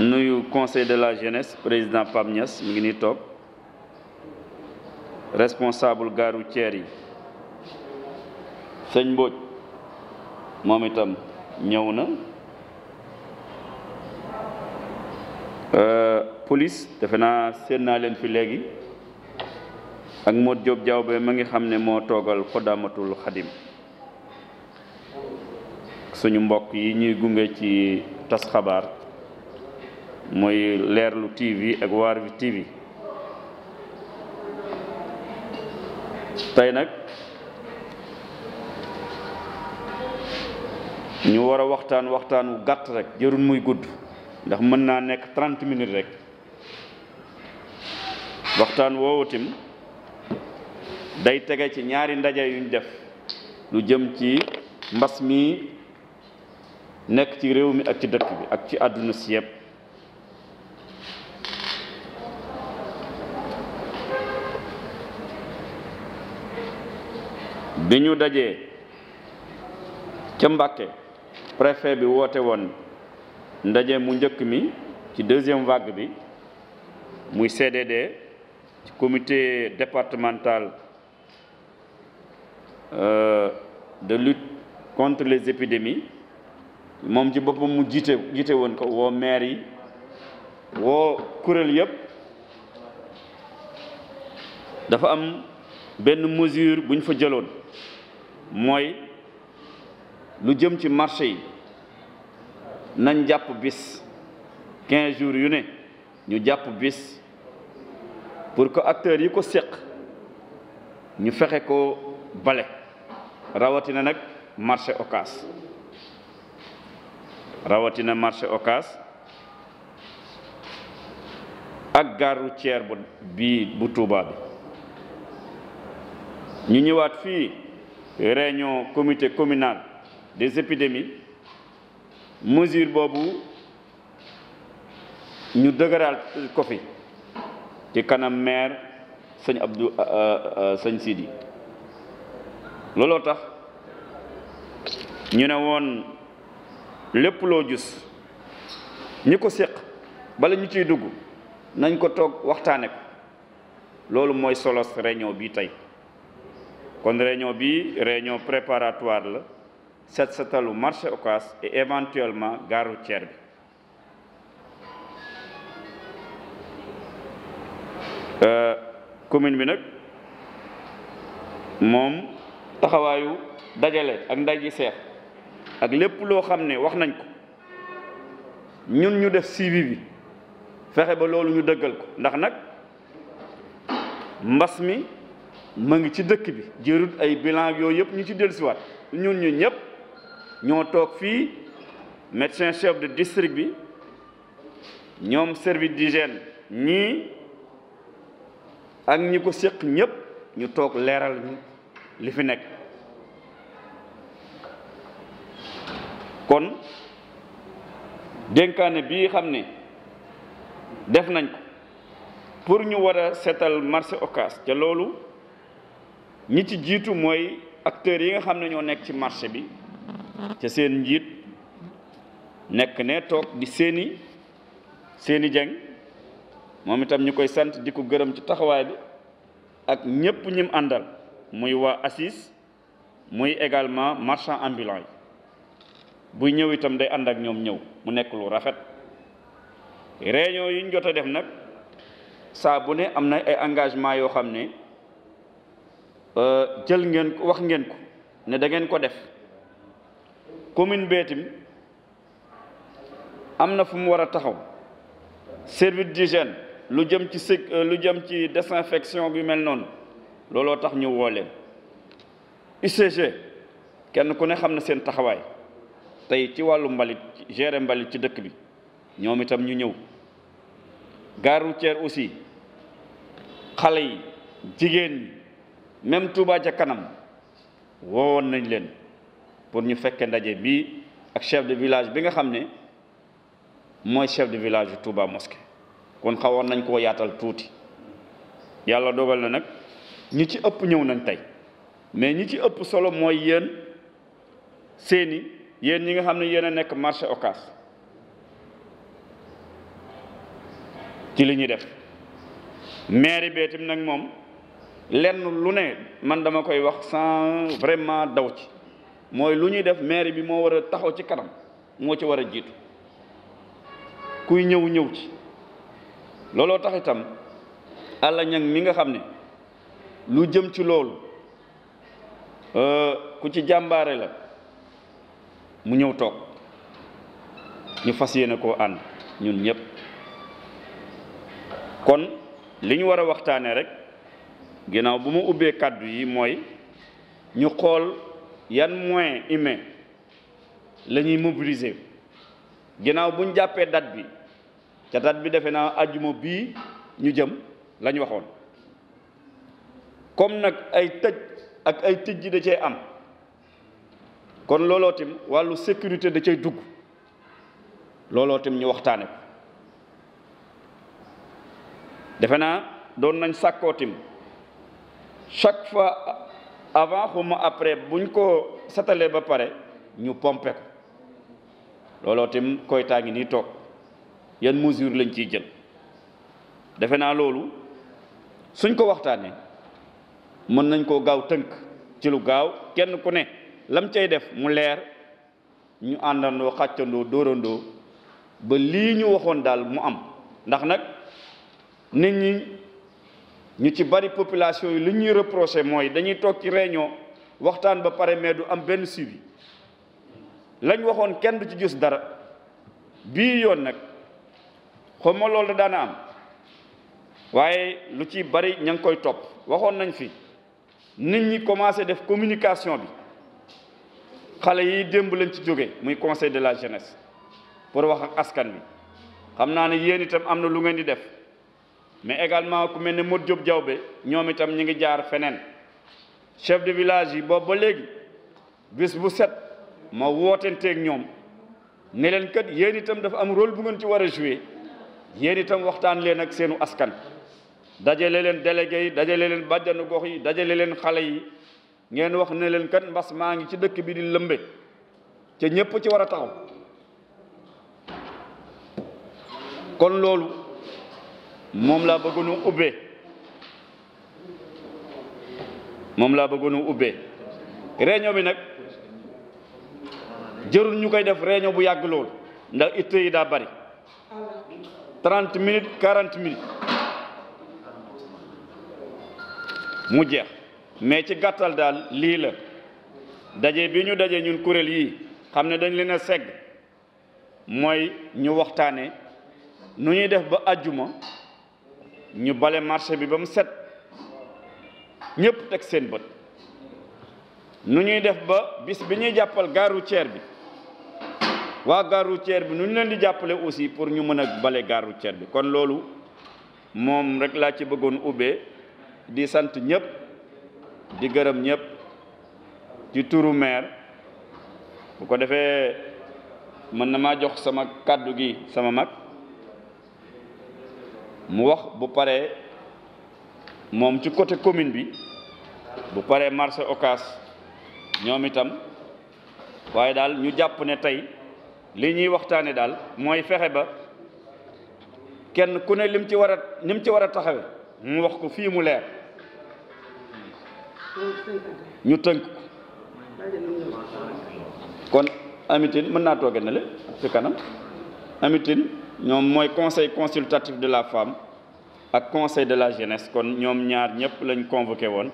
nuyu conseil de la jeunesse président Pape Niass ngi ni toog responsable gaaru routière yi sëñ Mbodj moom itam ñëw na euh, police defe naa seen naa leen fi léegi ak Modou Diop Diaw ba ma ngi xam ne moo toogal Xodamatul Xadim suñu mbokk yi ñuy gunge ci tas xabaar muy leerlu TV ak waar wi TV tey nag ñu war a waxtaan waxtaan wu gàtt rek jërul muy gudd ndax mën naa nekk 30 minutes rek waxtaan woowatim day tege ci ñaari ndaje yuñ def lu jëm ci mbas mi nekk ci réew mi ak ci dëkk bi ak ci àdduna si yëpp bi ñu dajee ca Mbàkke préfet bi woote woon ndaje mu njëkk mi ci deuxième vague bi muy CDD ci comité départemental euh, de lutte contre les épidémies moom ci boppam mu jiite jiite woon ko woo maire yi woo kuréel yëpp dafa am benn mesure bu ñu fa jëloon mooy lu jëm ci marché yi nañ jàpp bis jours yu ne ñu jàpp bis pour ko acteurs yi ko seq ñu fexe ko bale rawatina nag marché occas rawatina marché occas ak gare routière bu bii bu Touba bi ñu ñëwaat fii réunion comité communal des épidémies mesure boobu ñu dëgëral ko fi ci kanam maire sëñ Abdou euh, euh, sëñ Sidi looloo tax ñu ne woon lépp loo gis ñi ko séq bala ñu ciy dugg nañ ko toog waxtaane ko loolu mooy solos réunion bi tey kon réunion bi réunion préparatoire la set setalu marché Ocass et éventuellement gare routière bi euh, commune bi nag moom taxawaayu dajale ak ndaji seex ak lépp loo xam ne wax nañ ko ñun ñu def suivi bi fexe ba loolu ñu dëggal ko ndax nag mbas mi ma ngi ci dëkk bi jërut ay bilan yooyu yëpp ñu ci dellusiwaat ñun ñu ñëpp ñoo toog fii médecin chef de district bi ñoom service d'hygiène ñii ak ñi ko séq ñépp ñu toog leeral ñu li fi nekk kon dénkaane bii xam ni def nañ ko pour ñu war a seetal marché Ocass ca loolu ñi ci jiitu mooy acteurs yi nga xam ne ñoo nekk ci marché bi ca seen njiit nekk ne toog di seeni seeni jeng moom itam ñu koy sant di ko gërëm ci taxawaay bi ak ñépp ñim àndal muy waa ACIS muy également marchand ambulant buy ñëw itam day ànd ak ñoom ñëw mu nekk lu rafet réunion yi ñu jot a def nag saa bu ne am na ay engagement yoo xam ne Euh, jël ngeen ko wax ngeen ko ne da ngeen ko def commune beetim am na fu mu war a taxaw service d'hygiène lu jëm ci sec euh, lu jëm ci désinfection bi mel noonu looloo tax ñu woo leen UCG kenn ku ne xam na seen taxawaay tey ci wàllu mbalit gérer mbalit ci dëkk bi ñoom itam ñu ñëw gare routière aussi xale yi jigéen ñi même Touba ca kanam woowoon nañ leen pour ñu fekkee ndaje bi ak chef de village bi nga xam ne mooy chef de village Touba mosquée kon xawoon nañ koo yaatal tuuti yàlla dogal na nag ñi ci ëpp ñëw nañ tey mais ñi ci ëpp solo mooy yéen seeni yéen ñi nga xam ne yéen a nekk marché Ocass ci li ñuy def mairie beetim nag moom lenn lu ne man dama koy wax sans vraiment daw ci mooy lu ñuy def mairie bi moo war a taxaw ci kanam moo ci war a jiitu kuy ñëw ñëw ci looloo tax itam àlla ñang mi nga xam ne lu jëm ci loolu euh, ku ci jàmbaare la mu ñëw toog ñu fas yéene koo ànd ñun ñëpp kon li ñu war a waxtaanee rek ginnaaw bu ma ubbee kàddu yi mooy ñu xool yan moyen humain lañuy ñuy mobiliser ginnaaw buñ jàppee dat bi ca date bi defe naa ajjuma bii ñu jëm la waxoon comme nag ay tëj ak ay tëj ji da cee am kon loolootim wàllu sécurité da cay dugg looloo tim ñu waxtaane ko defe naa doon nañ sàkkootim chaque fois avant xuma après buñ ko satalee ba pare ñu pompe ko looloo tam koytaa ngi nii toog yan mesure lañ ci jël defe naa loolu suñ ko waxtaanee mën nañ koo gaaw tënk ci lu gaaw kenn ku ne lam cay def mu leer ñu àndandoo xàccandoo doorandoo ba lii ñu waxoon daal mu am ndax nag nit ñi ñu ci bari population yi li ñuy reproché mooy dañuy toog ci réunion waxtaan ba pare mais du am benn suivi lañ waxoon kenn du ci gis dara bii yoon nag xaw ma loolu daana am waaye lu ci bari ña ngi koy topp waxoon nañ fi nit ñi commencé def communication bi xale yi démb lañ ci jóge muy conseil de la jeunesse pour wax ak askan bi xam naa ne yéen itam am na lu ngeen di def mais également ku mel ne Modou Diop Diawbe ñoom itam ñu ngi jaar feneen chef de village yi boobu ba léegi bis bu set ma wootenteeg ñoom ne leen kat yéen itam dafa am rôle bu ngeen ci war a joué yéen itam waxtaan leen ak seenu askan dajale leen délégué yi dajale leen bàjjanu gox yi dajale leen xale yi ngeen wax ne leen kat mbas maa ngi ci dëkk bi di lëmbe te ñëpp ci war a taxaw kon loolu moom laa bëggoon a ubbee moom laa bëggoon a ubbee bi nag jërul ñu koy def réunion bu yàgg lool ndax it yi daa bari trente minutes quarante minutes mu jeex mais ci gàttal daal lii la daje bi ñu daje ñun kuréel yi xam ne dañ leen a segg mooy ñu waxtaane nu ñuy def ba àjjuma ñu bale marché bi ba mu set ñëpp teg seen bët nu ñuy def ba bis bi ñuy jàppal gare routière bi waa gare routière bi nu ñu leen di jàppale aussi pour ñu mën a bale gare ceer bi kon loolu moom rek laa ci bëggoon ubbee di sant ñëpp di gërëm ñépp di turu maire bu ko defee mën na maa jox sama kàddu gi sama mag mu wax bu paree moom ci côté commune bi bu paree marché Ocass ñoom itam waaye daal ñu jàpp ne tey li ñuy waxtaane daal mooy fexe ba kenn ku ne lim ci war a ni ci war a taxawe mu wax ko fii mu leer ñu tënk kon amitin mën naa tooge na ci kanam amitin ñoom mooy conseil consultatif de la femme ak conseil de la jeunesse kon ñoom ñaar ñëpp lañ convoqué woon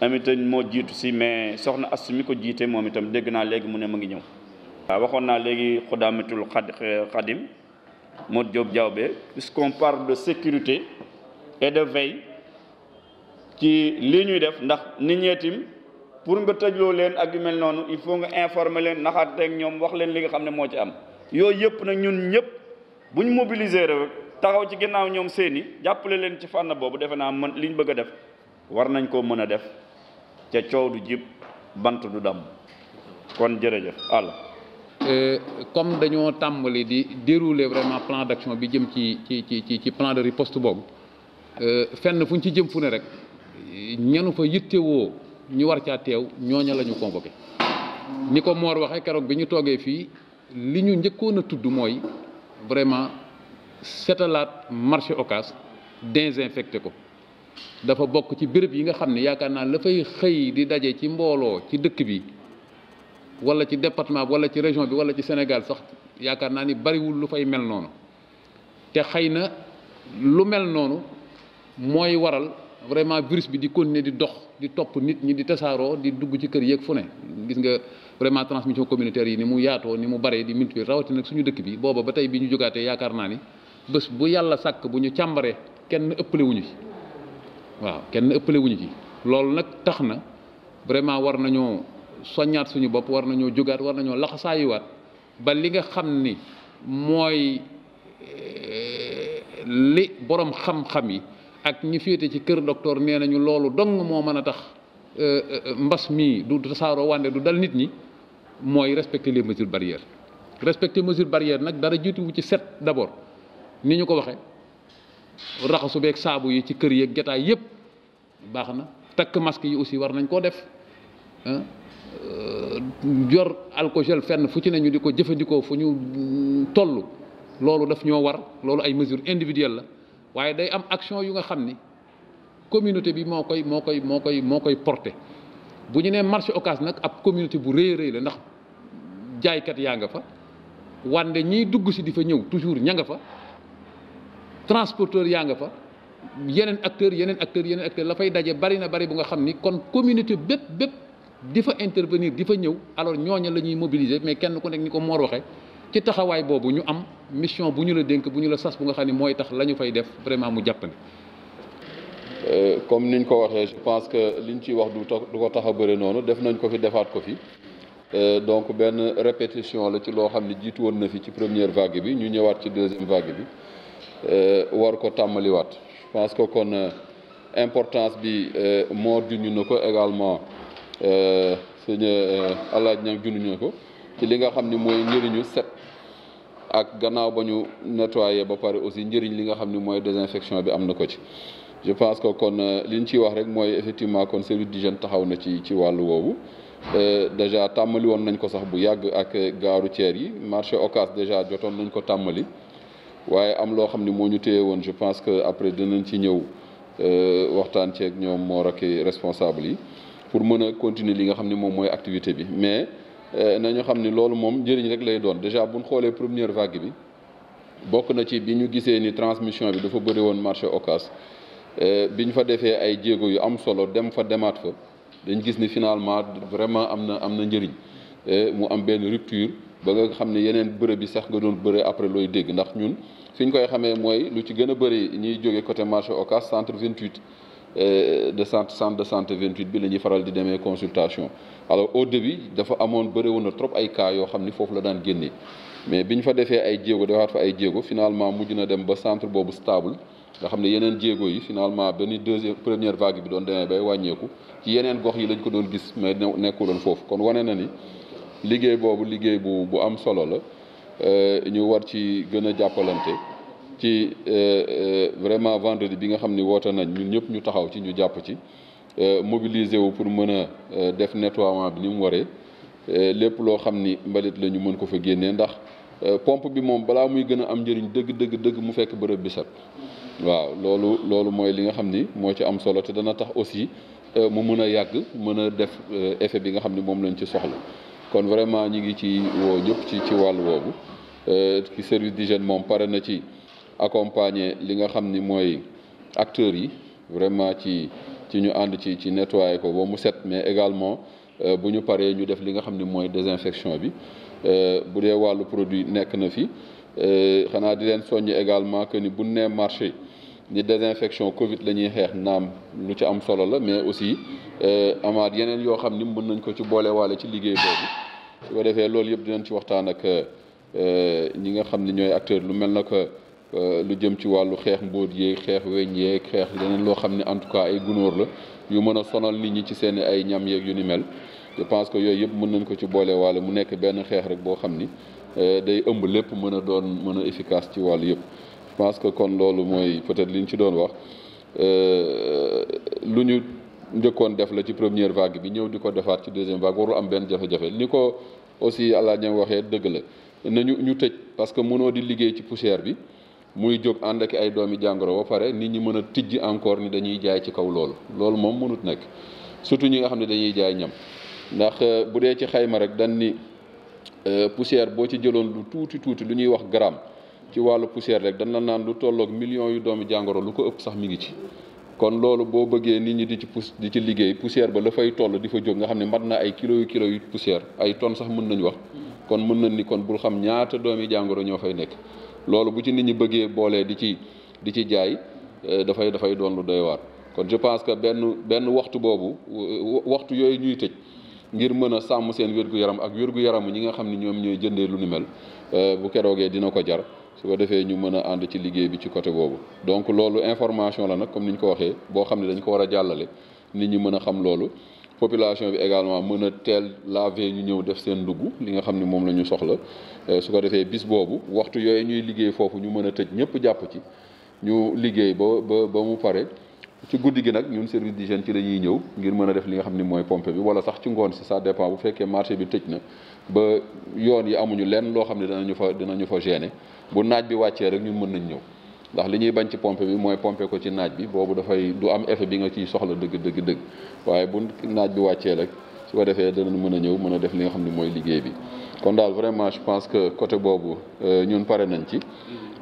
am itam moo jiitu si mais soxna Astou mi ko jiite moom itam dégg naa léegi mu ne ma ngi ñëw. waaw waxoon naa léegi xudaamatul xad xadim Modou Diop Diaobé puisqu'on parle de sécurité et de veille ci lii ñuy def ndax nit ñeetim pour nga tëjloo leen ak yu mel noonu il faut nga informer leen naxaat ak ñoom wax leen li nga xam ne moo ci am yooyu yëpp nag ñun ñëpp. bu ñu mobiliser rek taxaw ci ginnaaw ñoom seeni jàppale leen ci fànna boobu defe naa mën liñ bëgg a def war nañ koo mën a def ca coow du jib bant du damm kon jërëjëf àlla euh, comme dañoo tàmbali di dérouler vraiment plan d'action bi jëm ci ci ci ci plan de riposte boobu euh, fenn fu ñu ci jëm fu ne rek ñenu fa yittewoo ñu war caa teew ñooña lañu ñu convoqué ni ko Mor waxee keroog bi ñu toogee fii li ñu njëkkoon a tudd mooy vraiment setalaat marché Ocass désinfecté ko dafa bokk ci béréb yi nga xam ne yaakaar naa la fay xëy di daje ci mbooloo ci dëkk bi wala ci département bi wala ci région bi wala ci Sénégal sax yaakaar naa ni bariwul lu fay mel noonu te xëy na lu mel noonu mooy waral vraiment virus bi di continuer di dox di topp nit ñi di tasaaroo di dugg ci kër yeeg fu ne gis nga. vraiment transmission communautaire yi ni mu yaatoo ni mu bare di multiplier rawatina suñu dëkk bi booba ba tey bi ñu jógaatee yaakaar naa ni bés bu yàlla sàkk bu ñu càmbaree kenn ëppale wuñu ci waaw kenn ëppale wuñu ci loolu nag tax na vraiment war nañoo soññaat suñu bopp war nañoo jógaat war nañoo laxasaayuwaat ba li nga xam ni mooy eh, li borom xam-xam yi ak ñi féete ci kër docteur nee nañu loolu dong moo mën a tax Euh, euh, mbas mi du tasaaroo wànde du dal nit ñi mooy respecter les mesures barrières respecter mesures barrières nag dara jiituwu ci set d'abord ni ñu ko waxee raxasu beeg saabu yi ci kër yeeg jataay yépp baax na takk masque yi aussi war nañ koo def jor euh, alcogel fenn fu ci ne ñu di ko jëfandikoo fu ñu mm, toll loolu daf ñoo war loolu ay mesures individuelles la waaye day am action yu nga xam ni communauté bi moo koy moo koy moo koy moo koy porté bu ñu nee marché Ocass nag ab communauté bu rëyee rëy la ndax jaaykat yaa nga fa wande ñiy dugg si di fa ñëw toujours ña nga fa transporteur yaa nga fa yeneen acteur yeneen acteur yeneen acteurs la fay daje bari na bari bu nga xam ni kon communauté bépp bépp di fa intervenir di fa ñëw alors ñooña la ñuy mobiliser mais kenn ku nekk ñi ko Mor waxee ci taxawaay boobu ñu am mission bu ñu la dénk bu ñu la sas bu nga xam ne mooy tax la ñu fay def vraiment mu jàppandi. Euh, comme niñ ko waxee je pense que li ñu ciy wax du du ko tax a bëri noonu def nañ ko fi defaat ko fi euh, donc benn répétition la ci loo xam ne jiitu woon na fi ci première vague bi ñu ñëwaat ci deuxième vague bi euh, war ko tàmmaliwaat je pense que kon importance bi moo junj na ko également sëñ alaaj ñang junj na ko ci li nga xam ni mooy njëriñu set ak gannaaw ba ñu nettoyé ba pare aussi njëriñ li nga xam ni mooy désinfection bi am na ko ci je pense que kon euh, li ñu ciy wax rek mooy effectivement kon service d'hygiène taxaw na ci ci wàllu woowu euh, déjà tàmmali woon nañ ko sax bu yàgg ak gaaru ceer yi marché Ocass déjà jotoon nañ ko tàmmali waaye am loo xam ne moo ñu téye woon je pense que après dinañ ci ñëw euh, waxtaan ceeg ñoom moo rakki responsable yi pour mën a continuer li nga xam ni moom mooy activité bi mais nañu xam ni loolu moom njëriñ rek lay doon déjà buñ xoolee première vague bi bokk na ci bi ñu gisee ni transmission bi dafa bëri woon marché Ocass Euh, bi ñu fa defee ay jéego yu am solo dem fa demaat fa dañ gis ni finalement vraiment am na am na njëriñ euh, mu am benn rupture ba nga xam ne yeneen bërëb bi sax nga doon bëre après looy dégg ndax ñun fi ñu koy xamee mooy lu ci gën a bëri ñuy jóge côté marché Ocass centre 28 euh, de centre centre de santé 28 bi la ñuy faral di demee consultation alors au début dafa amoon bëri na trop ay cas yoo xam ni foofu la daan génnee mais bi ñu fa defee ay jéego defaat fa ay jéego finalement mujj na dem ba centre boobu stable. nga xam ne yeneen jéego yi finalement benn deuxième première vague bi doon demee bay wàññeeku ci yeneen gox yi lañ ko doon gis mais nekkuloon foofu kon wane na ni liggéey boobu liggéey bu bu am solo la euh, ñu war ci gën a jàppalante ci euh, euh, vraiment vendredi bi nga xam ni woote nañ ñun ñëpp ñu taxaw ci ñu jàpp ci mobiliser wu pour mën a def nettoiement bi ni mu waree lépp loo xam ni mbalit la ñu mën ko fa génnee ndax pompe bi moom balaa muy gën a am njëriñ dëgg dëgg dëgg mu fekk bërëb bi set waaw loolu loolu mooy li nga xam ni moo ci am solo te dana tax aussi euh, mu mën a yàgg mën a def euh, effet bi nga xam ni moom lañ ci soxla kon vraiment ñi ngi ci woo ñëpp ci ci wàll woobu euh, ki service d'hygiène moom pare na ci accompagner li nga xam ni mooy acteurs yi vraiment ci ci ñu ànd ci ci nettoyer ko ba mu set mais également bu ñu paree ñu def li nga xam ni mooy désinfection bi bu dee wàllu produit nekk na fi Euh, xanaa di leen soññ également que ni bu nee marché ni désinfection Covid la ñuy xeex naam lu ci am solo la mais aussi euh, amaat yeneen yoo xam ni mën nañ ko ci boolewaale ci liggéey boobu su ko defee loolu yëpp dinañ ci waxtaan ak euh, ñi nga xam ne ñooy acteur lu mel na que lu jëm ci wàllu xeex mbóot yeeg xeex weñ yeeg xeex leneen loo xam ne en tout cas ay gunóor la yu mën a sonal nit ñi ci seen ay ñam yeeg yu ni mel je pense que yooyu yëpp mun nañ ko ci boolewaale mu nekk benn xeex rek boo xam ni. Euh, day ëmb lépp mën a doon mën a efficace ci wàll yëpp je que kon loolu mooy peut-être li ñu ci doon wax euh, lu ñu njëkkoon def la ci première vague bi ñëw di ko defaat ci deuxième vague warul am benn jafe-jafe ni ko aussi àlaa ñam waxee dëgg la na ñu tëj parce que mënoo di liggéey ci poussière bi muy jóg ànd ak ay doomi jàngoro ba pare nit ñi mën a tijj encore ni dañuy jaay ci kaw loolu loolu moom mënut nekk surtout ñi nga xam ne dañuy jaay ñam ndax euh, bu dee ci xayma rek dan Euh, poussière boo ci jëloon lu tuuti tuuti lu ñuy wax gramme ci wàllu poussière rek dana naan lu tollook million yu doomi jàngoro lu ko ëpp sax mi ngi ci kon loolu boo bëggee nit ñi di ci pousse di ci liggéey poussière ba la fay toll di fa jóg nga xam ne mat na ay kilos yu kilos yu poussière ay ton sax mën nañu wax kon mën nañ ni kon bul xam ñaata doomi jàngoro ñoo fay nekk loolu bu ci nit ñi bëggee boolee di ci di ci jaay euh, dafay dafay doon lu doy waar kon je pense que benn benn waxtu boobu euh, waxtu yooyu ñuy tëj ngir mën a sàmm seen wér-gu-yaram ak wér-gu-yaramu ñi nga xam ne ñoom ñooy jëndee lu ni mel euh, bu keroogee dina ko jar su ko defee ñu mën a ànd ci liggéey bi ci côté boobu donc loolu information la nag comme ni ñu ko waxee boo xam ne dañ ko war a jàllale nit ñi mën a xam loolu population bi également mën a teel laver ñu ñëw def seen dugg li nga xam ne moom la ñu soxla euh, su ko defee bis boobu waxtu yooyu ñuy liggéey foofu ñu mën a tëj ñëpp jàpp ci ñu liggéey ba ba ba pare ci guddi gi nag ñun service d'hygiène ci la ñëw ngir mën a def li nga xam ni mooy pompe bi wala sax ci ngoon si ça dépend bu fekkee marché bi tëj na ba yoon yi amuñu lenn loo xam ne danañu fa dinañu fa gêner bu naaj bi wàccee rek ñun mën nañ ñëw ndax li ñuy bañ ci pompe bi mooy pompe ko ci naaj bi boobu dafay du am effet bi nga ciy soxla dëgg dëgg dëgg waaye bu naaj bi wàccee rek su ko defee danañ mën a ñëw mën a def li nga xam ne mooy liggéey bi kon daal vraiment je pense que côté boobu euh, ñun pare nañ ci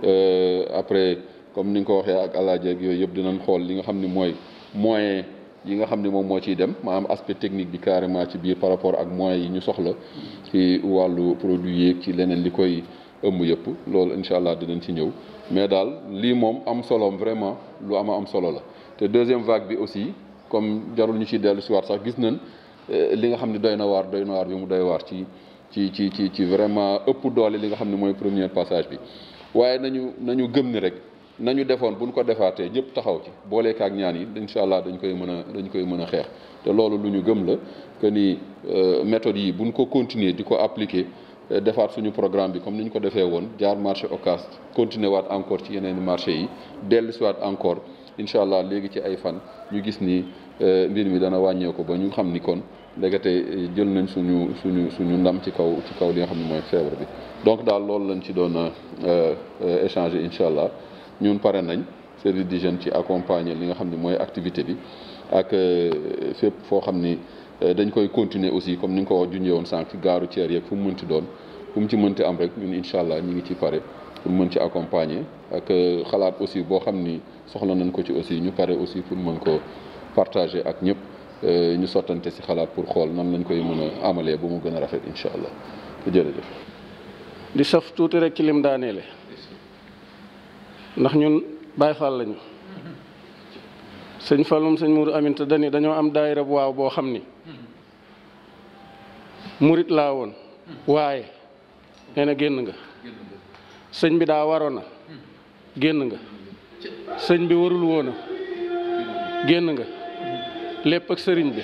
euh, après comme ni nga ko waxee ak alaaji ak yëpp dinañ xool li nga xam ni mooy moyen yi nga xam ni moom moo ciy dem am aspect technique bi carrément ci biir par rapport ak moyens yi ñu soxla ci wàllu produit yeeg ci leneen li koy ëmb yëpp loolu incha allah dinañ ci ñëw mais daal lii moom am solo vraiment lu ama am solo la te deuxième vague bi aussi comme jarul ñu ciy dellu si waat sax gis nañ euh, li nga xam ne doy na waar doy na waar bi mu doy waar ci ci ci ci ci vraiment ëpp doole li nga xam ne mooy première passage bi waaye nañu nañu gëm ni rek nañu defoon bu buñ ko defaatee ñëpp taxaw ci booleek ak ñaan yi incha allah dañu koy mën a dañ koy mën a xeex te loolu lu ñu gëm la que ni euh, méthode yi buñ ko continuer di ko appliquer euh, defaat suñu programme bi comme ni ñu ko defee woon jaar marché Ocass continuer waat encore ci yeneen marché yi dellu si waat encore incha allah léegi ci ay fan ñu gis ni euh, mbir mi dana wàññeeku ba ñu xam ni kon ndekete jël nañ suñu suñu suñu ndam ci kaw ci kaw li nga xam ne mooy feebar bi donc daal loolu lañ ci doon échanger incha allah. ñun pare nañ service d'hygiène ci accompagner li nga xam ni mooy activité bi ak euh, fépp foo xam ni euh, dañ koy continuer aussi comme ni nga ko junjee woon sànq gaaru ceer yeeg fu mu mënti doon fu mu ci mënti am rek ñun incha allah ñu ngi ci pare pour mën ci accompagner ak euh, xalaat aussi boo xam ni soxla nañ ko ci aussi ñu pare aussi pour mën ko partage ak ñëpp ñu sottante si xalaat pour xool nan lañ koy mën a amalee ba mu gën a rafet incha allah jërëjëf. di sof tuuti rek ci lim daaneele ndax ñun Baay Faal lañu sëñ Falum sëñ Mourou Aminta dani dañoo am daayira bu waaw boo xam ni murit laa woon waaye nee génn nga sëñ bi daa waroon na génn nga sëñ bi warul woon génn nga lépp ak sëriñ bi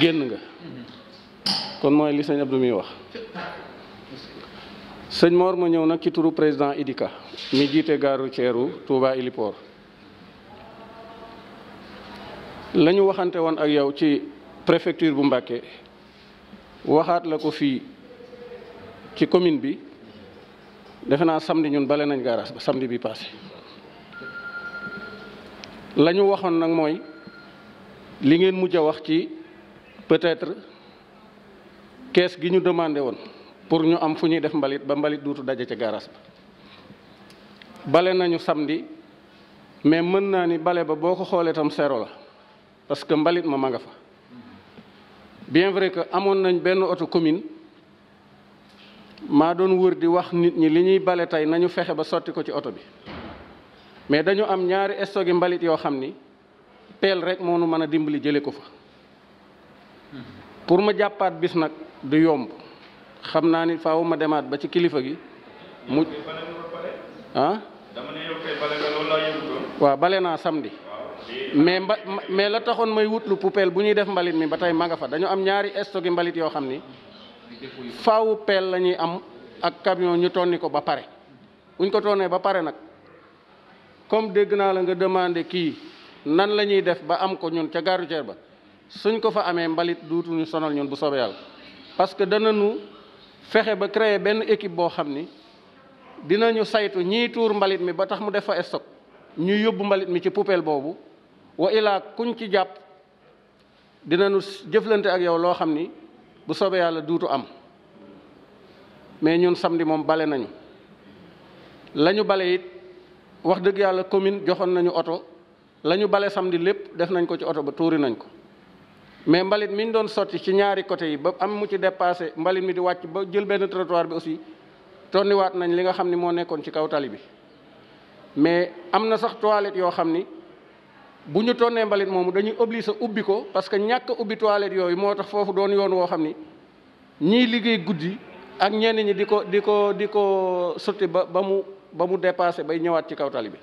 génn nga kon mooy li sëñ Abdou muy wax sëñ Mor ma ñëw nag ci turu président Idika mi jiite gaaru ceeru Touba Ilipoor la ñu waxante woon ak yow ci préfecture bu Mbàkke waxaat la ko fii ci commune bi defe naa samedi ñun bale nañ garage ba samedi bi passé lañu waxoon nag mooy li ngeen mujj a wax ci peut-être kees gi ñu demande woon pour ñu am fu ñuy def mbalit ba mbalit duutu daje ca gaaraas ba bale nañu samedi mais mën naa ni bale ba boo ko xoolee tam sero la parce que mbalit ma ma nga fa bien vrai que amoon nañ benn oto commune maa doon wër di wax nit ñi li ñuy bale tey nañu fexe ba sotti ko ci oto bi mais dañu am ñaari stock mbalit yoo xam ni peel rek moo nu mën a dimbali jële ko fa pour ma jàppaat bis nag du yomb xam naa ni faaw ma demaat ba ci kilifa gi mu ah waaw bale naa samedi mais mba mais la taxoon may wutlu poubelle bu ñuy def mbalit mi ba tey ma nga fa dañu am ñaari stock mbalit yoo xam ni faaw peel la ñuy am ak camion ñu tonni ko ba pare buñ ko tonnee ba pare nag comme dégg naa la nga demandé kii nan la ñuy def ba am ko ñun ca gare ba suñ ko fa amee mbalit duutuñu sonal ñun bu soobee yàlla parce que fexe ba créer benn équipe boo xam ni dinañu saytu ñii tuur mbalit mi ba tax mu def fa stock ñuy yóbbu mbalit mi ci poubelle boobu wa illaa kuñ ci jàpp dinañu jëflante ak yow loo xam ni bu soobee yàlla duutu am mais ñun samedi moom bale nañu la ñu bale it wax dëgg yàlla commune joxoon nañu oto la ñu bale samedi lépp def nañ ko ci oto ba tuuri nañ ko mais mbalit mi ñu doon sotti ci ñaari côté yi ba am mu ci dépassé mbalit mi di wàcc ba jël benn trottoir bi aussi tonniwaat nañ li nga xam ni moo nekkoon ci kaw tali bi mais am na sax toilette yoo xam ni bu ñu tonnee mbalit moomu dañuy sa ubbi ko parce que ñàkk a ubbi toilette yooyu moo tax foofu doon yoon woo xam ni ñiy liggéey guddi ak ñenn ñi di ko di ko di ko sotti ba ba mu ba mu dépassé bay ñëwaat ci kaw tali bi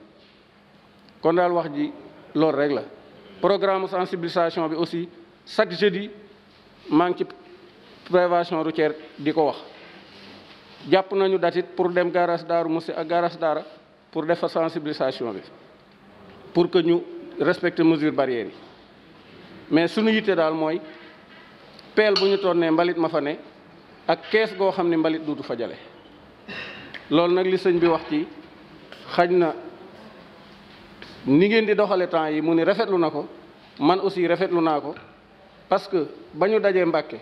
kon daal wax ji loolu rek la programme sensibilisation bi aussi chaque jeudi maa ngi ci prévention routière di ko wax jàpp nañu datit pour dem garage daaru Mousse ak garage daara pour defa sensibilisation bi pour que ñu respecte mesures barrières yi mais suñu yitte daal mooy peel bu ñu toonnee mbalit ma fa ne ak kees goo xam ne mbalit duutu fa jale loolu nag li sëñ bi wax ci xaj na ni ngeen di doxale temps yi mu ni rafetlu na ko man aussi rafetlu naa ko parce que ba ñu dajee Mbàkke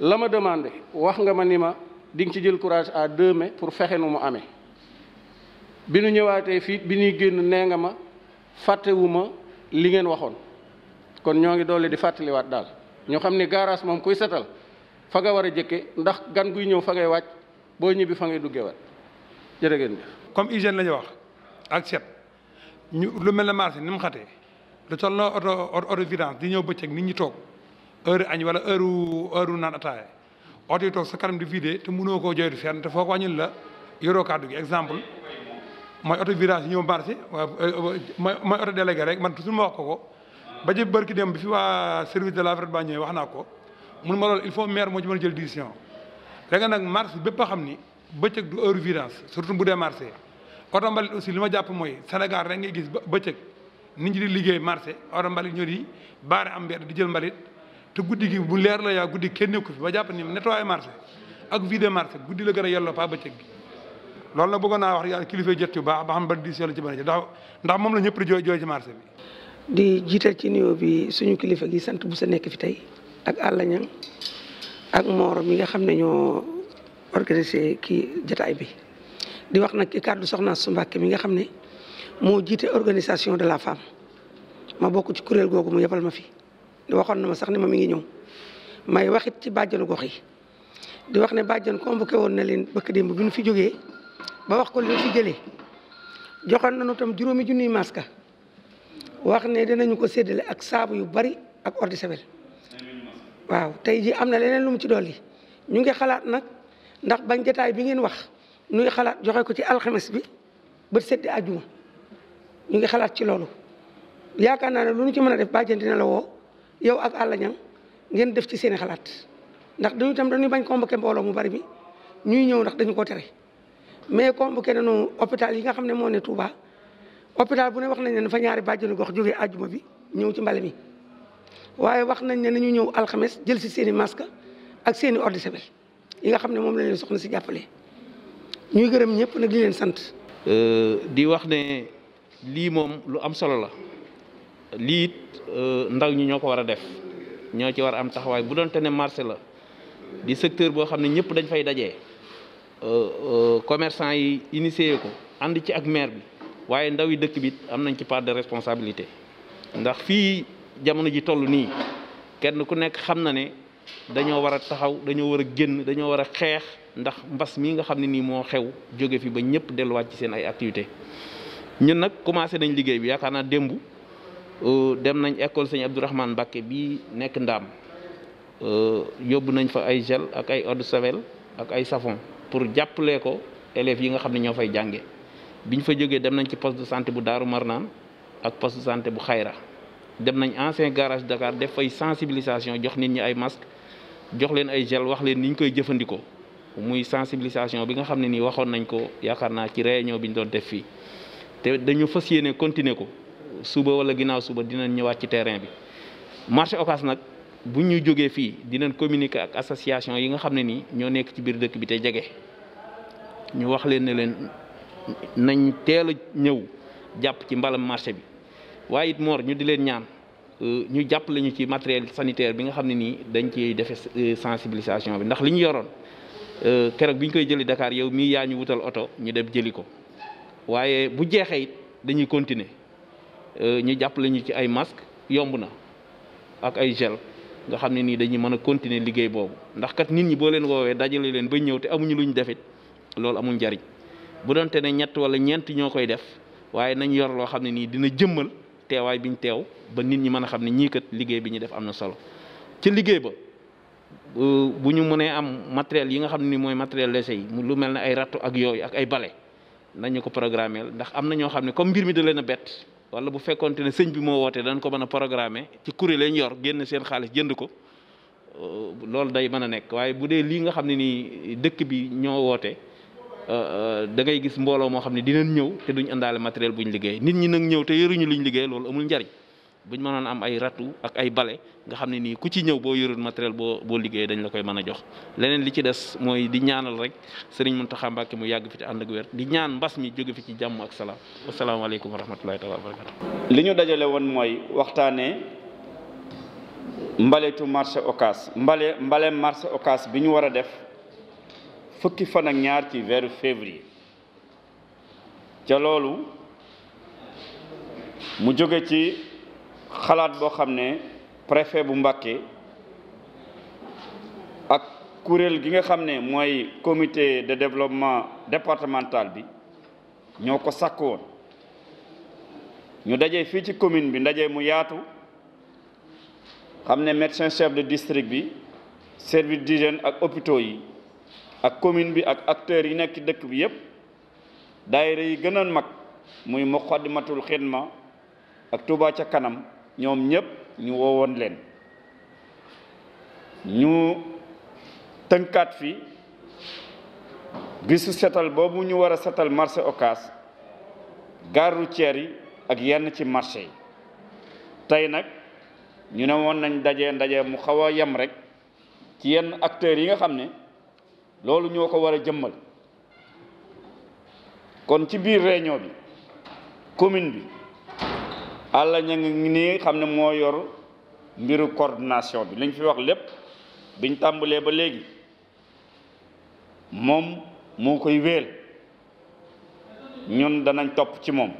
la ma demandé wax nga ma ni ma di nga ci jël courage à deux mains pour fexe nu mu amee bi nu ñëwaatee fiit bi ñuy génn nee nga ma fàttewuma li ngeen waxoon kon ñoo ngi doole di fàttaliwaat daal ñu xam ni garage moom kuy setal fa nga war a jëkke ndax gan guy ñëw fa ngay wàcc boo ñibbi fa ngay duggewaat jërë ngeen comme hygiène la ñu wax ak set ñu lu mel ne marché ni mu xatee lu toll na oto oto vidange di ñëw bëccëg nit ñi toog heure añ wala heure heure naan ataaya oto yi toog sa kanam di vidé te mënoo koo joytu fenn te foo ko wàññil la yoroo kàddu gi exemple mooy oto vidange yi ñëw marché euh, euh, mooy mooy oto délégué rek man toujours ko ko ba jël dem bi fi waa service de la vrat ba wax naa ko mun ma loolu faut maire moo ci a jël décision léegi nag marché bépp xam ni bëccëg du heure vidange surtout bu dee marché oto mbal aussi li ma jàpp mooy Sénégal rek ngay gis bëccëg nit ñi di liggéey marché oto mbalit ñoo di baare am mbedd di jël mbalit te guddi gi bu leer la yaa guddi kenn nekku fi ba jàpp ni nettoyé marché ak vide marché guddi la gën a yelloo pas bëccëg loolu nag bëggoon naa kilifa jot yu baax ba xam di sell ci mën a ndax ndax moom la ñëpp di jooy jooy ci marché bi di jiital ci nuyoo bi suñu kilifa gi sant bu sa nekk fi tey ak Alla Niang ak Mor mi nga xam ne ñoo organisé kii jataay bi di wax nag ci kàddu soxna su Mbàkke mi nga xam ne moo jiite organisation de la femme ma bokk ci kuréel googu mu yebal ma fi di waxoon na ma sax ne ma mi ngi ñëw may waxit ci bàjjanu gox yi di wax ne bàjjan convoqué woon na leen bëkk démb bi ñu fi jógee ba wax ko li fi jëlee joxoon nañu tam juróomi junniy maska wax ne dinañu ko séddale ak saabu yu bari ak eau waaw tey ji am na leneen lu mu ci dolli ñu ngi xalaat nag ndax bañ jotaay bi ngeen wax ñu xalaat joxe ko ci alxemes bi ba séddi àjjuma ñu ngi xalaat ci loolu yaakaar naa ne lu ñu ci mën a def bàjjen dina la woo yow ak àll ñang ngeen def ci seeni xalaat ndax dañu tam dañuy bañ convoqué mbooloo mu bari mi ñuy ñëw ndax dañu ko tere mais convoqué nañu hôpital yi nga xam ne moo ne Touba hôpital bu ne wax nañ ne dafa ñaari bàjjenu gox jógee àjjuma bi ñëw ci mbale mi waaye wax nañ ne nañu ñëw alxames jël si seen i masque ak seen i yi nga xam ne moom la leen soxna si jàppale ñuy gërëm ñëpp nag li leen sant. Euh, di wax ne. lii moom lu am solo la lii it euh, ndaw ñi ñoo ko war a def ñoo ci war a am taxawaay bu doon te ne marché la di secteur boo xam ne ñëpp dañ fay daje euh, euh, commerçant yi initié ko ànd ci ak maire bi waaye ndaw yi dëkk bit am nañ ci part de responsabilité ndax fii jamono ji toll nii kenn ku nekk xam na ne dañoo war a taxaw dañoo war a génn dañoo war a xeex ndax mbas mii nga xam ne nii moo xew jóge fi ba ñëpp delluwaat ci seen ay activité ñun nag commencé nañ liggéey bi yaakaar naa démb euh, dem nañ école sëñ Abdourahmane Mbacke bii nekk ndaam euh, yóbbu nañ fa ay gel ak ay eau de ak ay savon pour jàppalee ko élèves yi nga xam ne ñoo fay jànge ñu fa jógee dem nañ ci poste de santé bu Daaru Marnaan ak poste de santé bu Xayra dem nañ ancien garage Dakar def fay sensibilisation jox nit ñi ay masque jox leen ay gel wax leen ni ñu koy jëfandikoo muy sensibilisation bi nga xam ne nii waxoon nañ ko yaakaar ci réunion bi ñu doon def fii te dañu fas yéene continuer ko suba wala ginnaaw suba dinañ ñëwaat ci terrain bi marché Ocass nag bu ñu jógee fii dinañ communiquer ak association yi nga xam ne nii ñoo nekk ci biir dëkk bi te jege ñu wax leen ne leen nañ teel a ñëw jàpp ci mbalam marché bi waaye it moor ñu di leen ñaan euh, ñu jàpp lañu ci matériel sanitaire bi nga xam ne nii dañ ciy defee euh, sensibilisation bi ndax li ñu yoroon euh, keroog bi ñu koy jëli dakaar yow mii yaa ñu wutal oto ñu dem jëli ko. waaye bu jeexee it dañuy continuer euh, ñu jàppale ñu ci ay masque yomb na ak ay gel nga xam ne nii dañu mën a continuer liggéey boobu ndax kat nit ñi boo leen woowee dajale leen ba ñëw te amuñu lu luñ defit loolu amul njariñ bu doonte ne ñett wala ñeent ñoo koy def waaye nañ yor loo xam ne nii dina jëmmal teewaay ñu teew ba nit ñi mën a xam ne ñii kat liggéey bi ñu def am na solo ci liggéey ba euh, bu ñu mënee am matériel yi nga xam ne nii mooy matériel léger yi lu mel ne ay râteau ak yooyu ak ay balai nañu ko programmer ndax am na ñoo xam ne comme mbir mi da leen a bett wala bu fekkonte ne sëñ bi moo wootee dañ ko mën a programmer ci kuréel lañ yor génn seen xaalis jënd ko euh, loolu day mën a nekk waaye bu dee lii nga xam ne nii dëkk bi ñoo woote euh, euh, da ngay gis mbooloo moo xam ne dinañ ñëw te duñ àndaale matériel buñ liggéey nit ñi nag ñëw te yoruñu luñ liggéey loolu amul njariñ bu ñu mënoon am ay ratu ak ay bale nga xam ne nii ku ci ñëw boo yorul matériel boo boo liggéeyee dañ la koy mën a jox leneen li ci des mooy di ñaanal rek mun Mountakha Mbacké mu yàgg fi te ànd ak wér di ñaan mbas mi jóge fi ci jàmm ak salaam asalaamaaleykum wa rahmatulahi taala wa barakatu li ñu dajale woon mooy waxtaane mbaleetu marché Ocass mbale mbale marché Ocass bi ñu war a def fukki fan ak ñaar ci weeru février ca loolu mu jóge ci xalaat boo xam ne préfet bu Mbacké ak kuréel gi nga xam ne mooy commité de développement départemental bi ñoo ko sàkk woon ñu dajee fii ci commune bi ndaje mu yaatu xam ne médecin chef de district bi service d'hygiène ak hôpitaux yi ak commune bi ak acteur yi nekk dëkk bi yépp daayira yi gën mag muy Muqaddimatul Xidma ak Touba ca kanam ñoom ñëpp ñu woowoon leen ñu tënkaat fi bisu setal boobu ñu war a setal marché Ocass gare routière yi ak yenn ci marché yi tey nag ñu ne woon nañ daje ndaje mu xaw a yem rek ci yenn acteurs yi nga xam ne loolu ñoo ko war a jëmmal kon ci biir réunion bi commune bi àlla ña ngi nii xam ne moo yor mbiru coordination bi liñ fi wax lépp biñ tàmbalee ba léegi moom moo koy wéel ñun danañ topp ci moom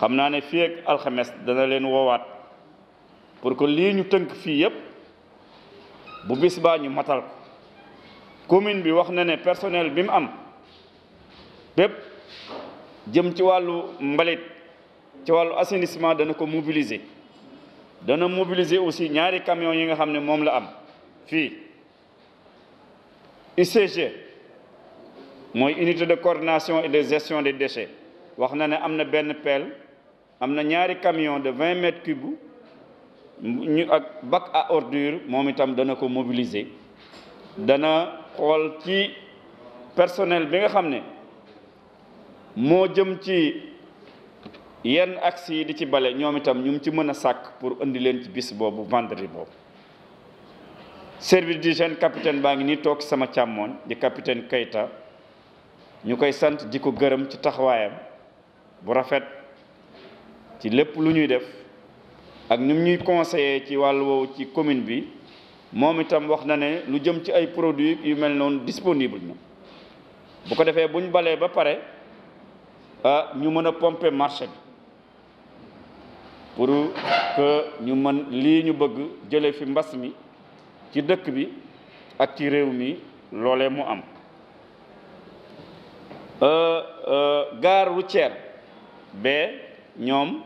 xam naa ne fii alxemes dana leen woowaat pour que lii ñu tënk fii yépp bu bis baa ñu matal commune bi wax na ne personnel bi mu am bépp jëm ci wàllu mbalit ci wàllu assainissement dana ko mobiliser dana mobiliser aussi ñaari camion yi nga xam ne moom la am fii UCG mooy unité de coordination et de gestion des déchets wax na ne am na benn pelle am na ñaari camion de vingt mètres cubes ñu ak bac à ordure moom itam dana ko mobiliser dana xool ci personnel bi nga xam ne moo jëm ci yenn axe yi di ci bale ñoom itam ñu ci mën a sàkk pour indi leen ci bis boobu vendredi boobu service du d'hygiène capitaine baa ngi nii toog sama càmmoon di capitaine Keita ñu koy sant di ko gërëm ci taxawaayam bu rafet ci lépp lu ñuy def ak ñu ñuy conseiller ci wàll woowu ci commune bi moom itam wax na ne lu jëm ci ay produits yu mel noonu disponible na bu ko defee bu balee ba pare ah ñu mën a pomper marché bi pour que ñu mën lii ñu bëgg jële fi mbas mi ci dëkk bi ak ci réew mi loolee mu am euh, euh, gare routière bee ñoom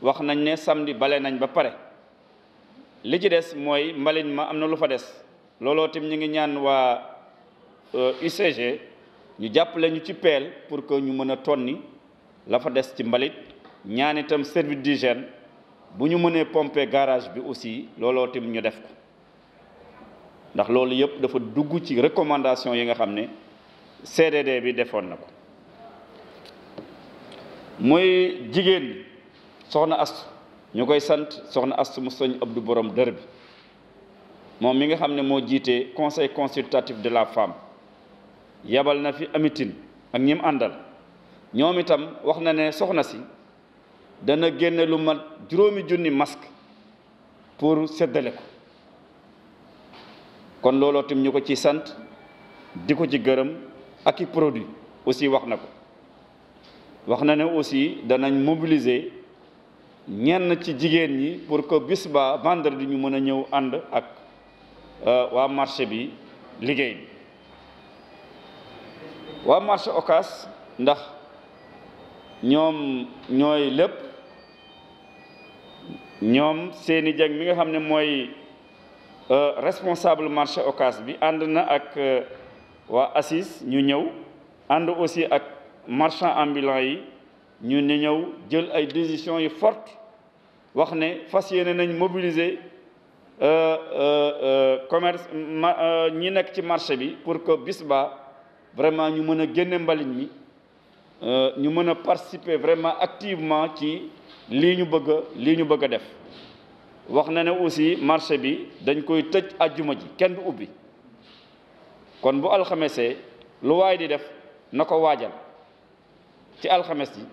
wax nañ ne samedi bale nañ ba pare li ci des mooy mbalit ma am na lu fa des looloo tim ñu ngi ñaan waa UCG euh, ñu jàppale ñu ci peel pour que ñu mën a tonni la fa des ci mbalit ñaan itam service d'hygiène bu ñu mënee pompe garage bi aussi looloo tim ñu def ko ndax loolu yëpp dafa dugg ci recommandation yi nga xam ne CDD bi defoon na ko mooy jigéen ñi soxna astu ñu koy sant soxna astu mu sëñ Abdou Borom dër bi moom mi nga xam ne moo jiite conseil consultatif de la femme yabal na fi amitin ak ñim àndal ñoom itam wax na ne soxna si dana génne lu mat juróomi junni masque pour séddale ko kon looloo tim ñu ko ci sant di ko ci gërëm ak i produit aussi wax na ko wax na ne aussi danañ mobiliser ñenn ci jigéen ñi pour ko bis ba vendredi ñu mën a ñëw ànd ak euh, waa marché bi liggéey bi waa marché Ocass ndax ñoom ñooy lépp ñoom seeni jàng mi nga xam ne mooy euh, responsable marché ocas bi ànd na ak euh, waa ACIS ñu ñëw ànd aussi ak marchand ambulant yi ñu ne ñëw jël ay décisions yi fortes wax ne fas yéene nañ mobiliser euh, commerce ñi nekk ci marché bi pour que bis ba vraiment ñu mën a génne mbalit mi ñu mën a participer vraiment activement ci lii ñu bëgg lii ñu bëgg a def wax na ne aussi marché bi dañ koy tëj àjjuma ji kenn du ubbi kon bu alxamesee lu waay di def na ko waajal ci alxames ji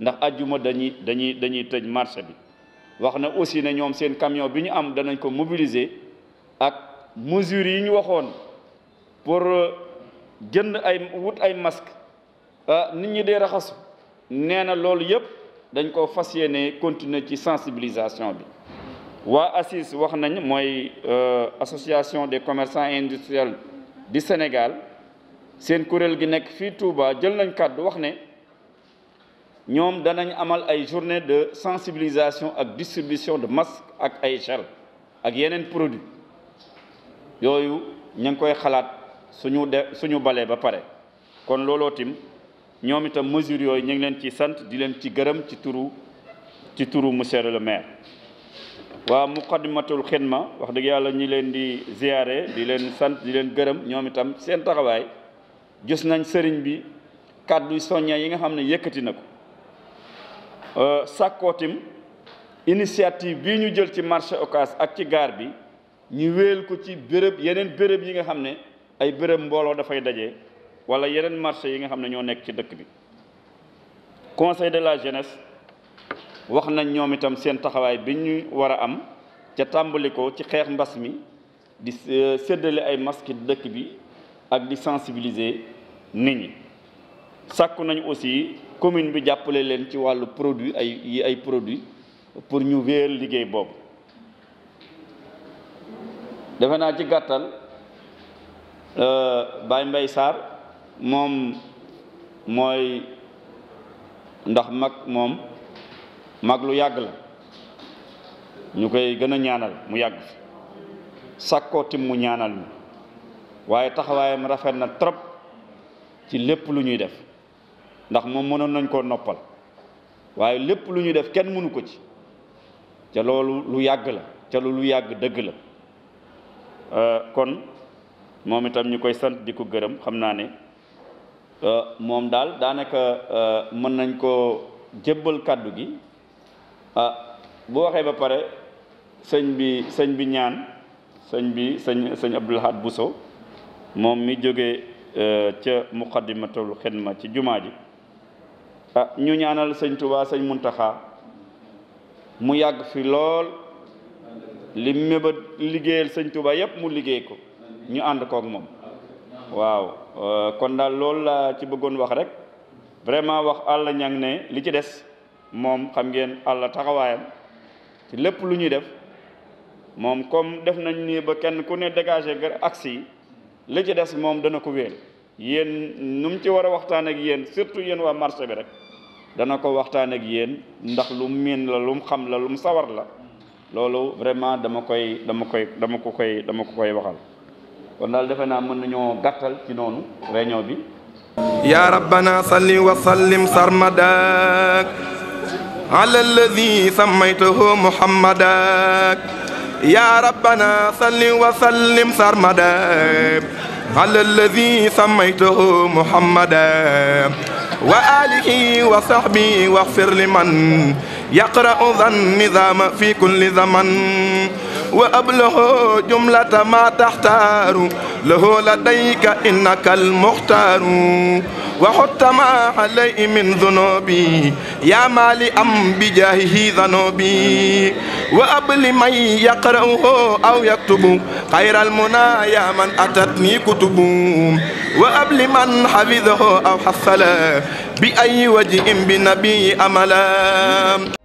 ndax àjjuma dañuy dañuy dañuy tëj marché bi wax na aussi ne ñoom seen camion bi ñu am danañ ko mobiliser ak mesures yi ñu waxoon pour euh, jënd ay wut ay masque ah, nit ñi dee raxasu nee na loolu yëpp dañ ko fas yéene continuer ci sensibilisation bi waa ACIS wax nañ mooy euh, association des commerçants et di Sénégal seen kuréel gi nekk fii Touba jël nañ kàddu wax ne ñoom danañ amal ay journée de sensibilisation ak distribution de masques ak ay gel ak yeneen produit yooyu ñu ngi koy xalaat suñu de suñu balee ba pare kon looloo tim ñoom itam mesures yooyu ñu ngi leen ci sant di leen ci gërëm ci turu ci turu monsieur le maire waa muqaddimatul xidma wax dëgg yàlla ñi leen di ziyaare di leen sant di leen gërëm ñoom itam seen taxawaay gis nañ sëriñ bi kàddu soñña yi nga xam ne yëkkati na ko euh, sàkkootim initiative bi ñu jël ci marché Ocass ak ci gaar bi ñu wéel ko ci béréb yeneen béréb yi nga xam ne ay bërëb mbooloo dafay daje wala yeneen marché yi nga xam ne ñoo nekk ci dëkk bi conseil de la jeunesse wax nañ ñoom itam seen taxawaay bi ñuy war a am ca tàmbali ko ci xeex mbas mi di euh, séddale ay masques dëkk bi ak di sensibiliser nit ñi sàkku nañu aussi commune bi jàppale leen ci wàllu produit ay yi ay produits pour ñu wéer liggéey boobu defe naa ci gàttal euh, Baye Mbaye Sarr moom mooy ndax mag moom mag lu yàgg la ñu koy gën a ñaanal mu yàgg sàkkoo tim mu ñaanal ñu waaye taxawaayam rafet na trop ci lépp lu ñuy def ndax moom mënoon nañ koo noppal waaye lépp lu ñuy def kenn mënu ko ci ca loolu lu yàgg la ca lu yàgg dëgg la euh, kon moom itam ñu koy sant di ko gërëm xam naa ne Euh, moom daal daanaka euh, mën nañ koo jébbal kàddu gi ah bu waxee ba pare sëñ bi sëñ bi ñaan sëñ bi sëñ sëñ Abdou Lahad Bousso moom mi jógee ca muqaddimatul ma ci jumaa ji ah, ñu ñaanal sëñ Touba sëñ Muntaxa mu yàgg fi lool li mébét liggéeyal sëñ Touba yépp mu liggéey ko ñu ànd kook moom waaw euh, kon daal loolu laa ci bëggoon wax rek vraiment wax Alla Niang ne li ci des moom xam ngeen Alla taxawaayam ci lépp lu ñuy def moom comme def nañ nii ba kenn ku ne dégagé axe yi li ci des moom dana ko wéel yéen nu mu ci war a waxtaan ak yéen surtout yéen waa marché bi rek dana ko waxtaan ak yéen ndax lu miin la lu mu xam la lu mu sawar la loolu vraiment dama koy dama koy dama ko koy dama ko koy waxal kon daal defe naa mën nañoo gàttal ci noonu réunion bi ya rabbana salli wa sallim sarmadak ala alladi sammaytahu muhammadak ya rabbana salli wa sallim sarmadak ala alladi sammaytahu muhammadak wa alihi wa sahbihi waghfir liman yaqra'u dhan nizama fi kulli zaman وأبله جملة ما تحتار له لديك إنك المختار وحط ما عليه من ذنوبي يا مالئم بجاهه ذنوبي وأبل من يقرأه أو يكتب خير المنى يا من أتتني كتب وأبل من حفظه أو حصل بأي وجه بنبي أملا